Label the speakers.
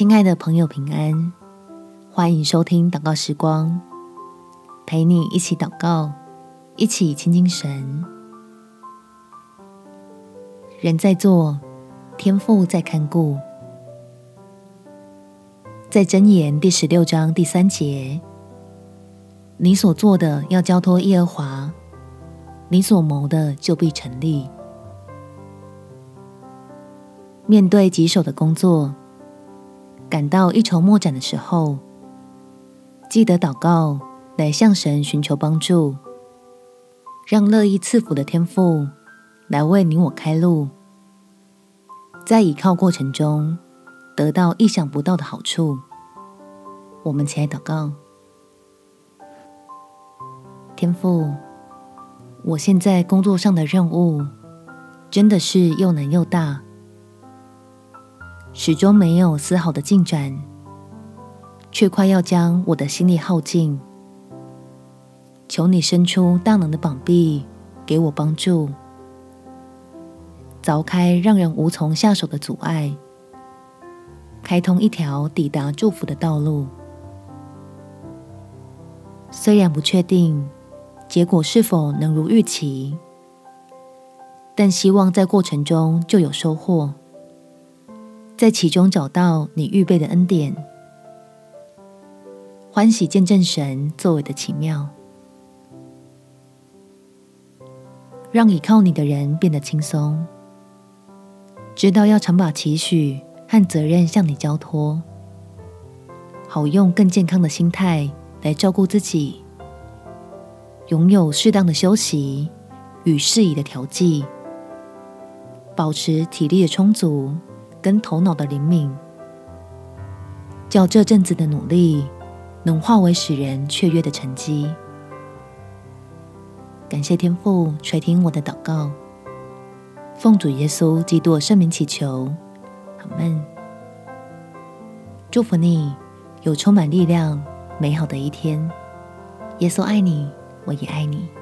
Speaker 1: 親愛的朋友，平安，歡迎收聽禱告時光，陪你一起禱告，一起親近神。人在做，天父在看顧。在箴言第十六章第三節，你所做的要交托耶和華，你所謀的就必成立。面對棘手的工作。感到一籌莫展的時候，記得禱告，來向神尋求幫助，讓樂意賜福的天父來為你我開路，在倚靠過程中得到意想不到的好處。我們前來禱告，天父，我現在工作上的任務真的是又難又大。始終沒有絲毫的進展，卻快要將我的心力耗盡。求你伸出大能的膀臂，給我幫助，鑿開讓人無從下手的阻礙，開通一條抵達祝福的道路。雖然不確定結果是否能如預期，但希望在過程中就有收穫。在其中找到你預備的恩典，歡喜見證神作為的奇妙，讓倚靠你的人變得輕鬆，知道要常把期許和責任向你交托，好用更健康的心態來照顧自己，擁有適當的休息與適宜的調劑，保持體力的充足。跟頭腦的靈敏，叫這陣子的努力能化為使人雀躍的成績。感謝天父垂聽我的禱告，奉主耶穌基督聖名祈求，阿門。祝福你有充滿力量美好的一天。耶穌愛你，我也愛你。